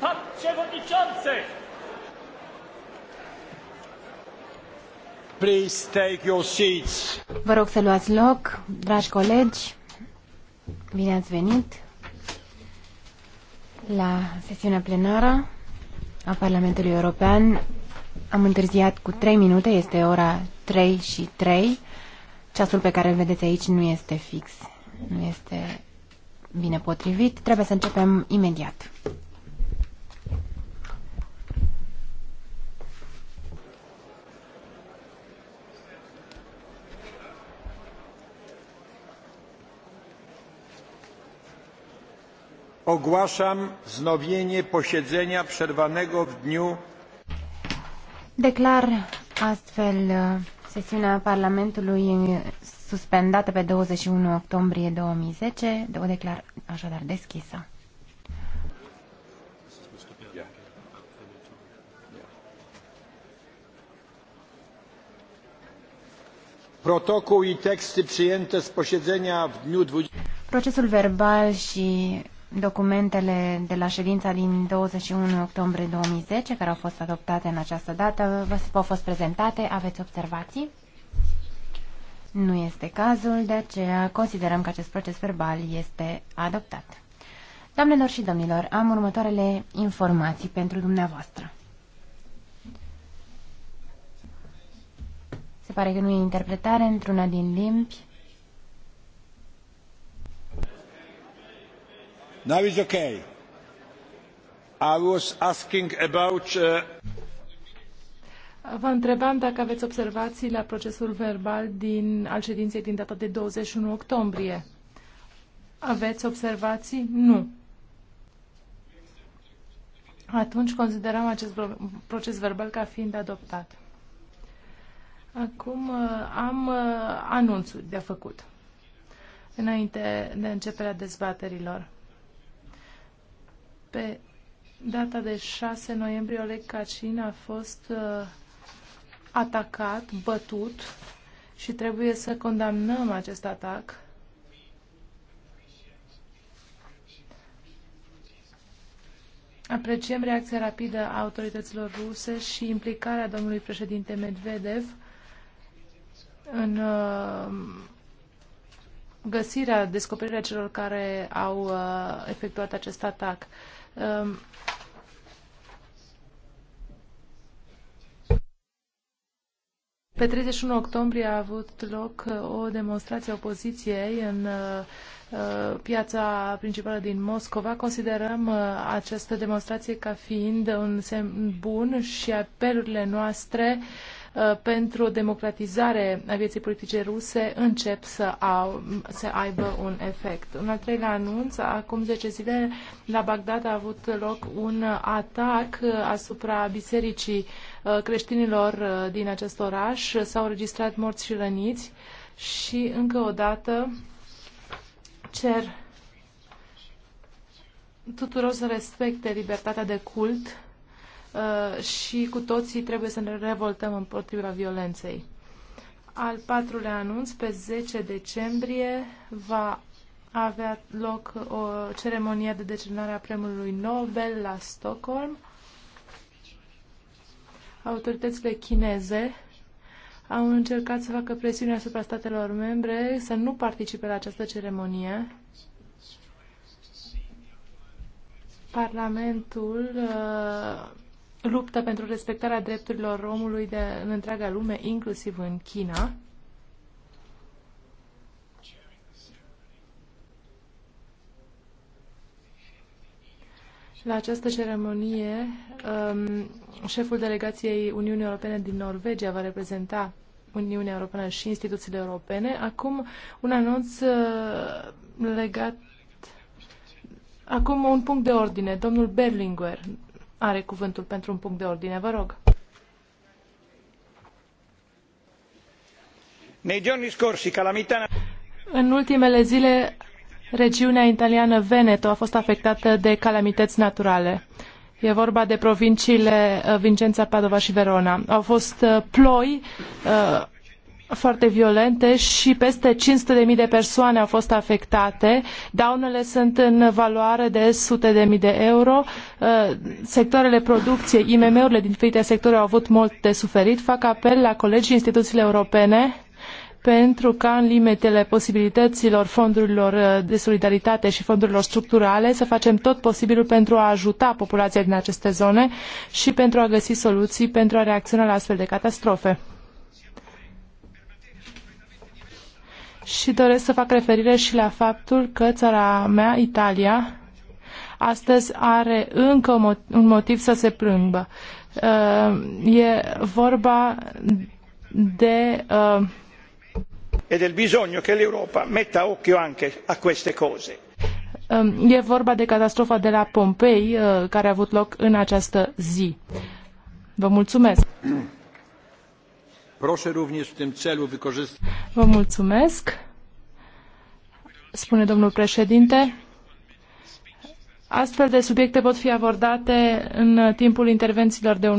Pan Przewodniczący! Please take your seats. Vă rog să luați loc, dragi colegi. Bine ați venit la sesiunea plenară a Parlamentului European. Am întârziat cu 3 minute, este ora 3 și 3. Ceasul pe care îl vedeți aici nu este fix, nu este bine potrivit. Trebuie să începem imediat. Ogłaszam znowienie posiedzenia przerwanego w dniu. Declar astfel sesiunea Parlamentului suspendată pe 21 octombrie 2010. O declar așadar deschisă. Protocol și texte przyjęte z posiedzenia w dniu 20... Procesul verbal și documentele de la ședința din 21 octombrie 2010, care au fost adoptate în această dată, v-au fost prezentate. Aveți observații? Nu este cazul, de aceea considerăm că acest proces verbal este adoptat. Doamnelor și domnilor, am următoarele informații pentru dumneavoastră. Se pare că nu e interpretare într-una din limbi. Now is okay. I was asking about uh... Vă întrebam dacă aveți observații la procesul verbal din, al ședinței din data de 21 octombrie. Aveți observații? Nu. Atunci considerăm acest proces verbal ca fiind adoptat. Acum uh, am uh, anunțuri de făcut înainte de începerea dezbaterilor. Pe data de 6 noiembrie, Oleg Cacin a fost uh, atacat, bătut și trebuie să condamnăm acest atac. Apreciem reacția rapidă a autorităților ruse și implicarea domnului președinte Medvedev în uh, găsirea, descoperirea celor care au uh, efectuat acest atac. Um, Pe 31 octombrie a avut loc uh, o demonstrație opoziției în uh, uh, piața principală din Moscova. Considerăm această demonstrație ca fiind un semn bun și apelurile noastre pentru democratizare a vieții politice ruse încep să, au, să aibă un efect. Un al treilea anunț, acum 10 zile la Bagdad a avut loc un atac asupra bisericii uh, Uh, creștinilor uh, din acest oraș. Uh, s-au registrat morți și răniți și încă o dată cer tuturor să respecte libertatea de cult și cu toții trebuie să ne revoltăm împotriva violenței. Al patrulea anunț, pe 10 decembrie, va avea loc o ceremonie de decernare a premiului Nobel la Stockholm autoritățile chineze au încercat să facă presiune asupra statelor membre să nu participe la această ceremonie. Parlamentul uh, luptă pentru respectarea drepturilor omului de, în întreaga lume, inclusiv în China. La această ceremonie, um, șeful delegației Uniunii Europene din Norvegia va reprezenta Uniunea Europeană și instituțiile europene. Acum un anunț uh, legat. Acum un punct de ordine. Domnul Berlinguer are cuvântul pentru un punct de ordine. Vă rog. Nei giorni scorsi, În ultimele zile, Regiunea italiană Veneto a fost afectată de calamități naturale. E vorba de provinciile uh, Vincența, Padova și Verona. Au fost uh, ploi uh, foarte violente și peste 500.000 de persoane au fost afectate. Daunele sunt în valoare de sute de mii de euro. Sectoarele producției, IMM-urile din diferite sectoare au avut mult de suferit. Fac apel la colegii instituțiile europene pentru ca în limitele posibilităților fondurilor uh, de solidaritate și fondurilor structurale să facem tot posibilul pentru a ajuta populația din aceste zone și pentru a găsi soluții pentru a reacționa la astfel de catastrofe. Și doresc să fac referire și la faptul că țara mea, Italia, astăzi are încă un motiv să se plângă. Uh, e vorba de uh, e del bisogno che l'Europa metta occhio anche a queste cose. Ehm, e vorba de catastrofa de la Pompei eh, care a avut loc în această zi. Vă mulțumesc. Proszę również w tym celu wykorzystać. Vă mulțumesc. Spune domnul președinte. Astfel de subiecte pot fi abordate în timpul intervențiilor de un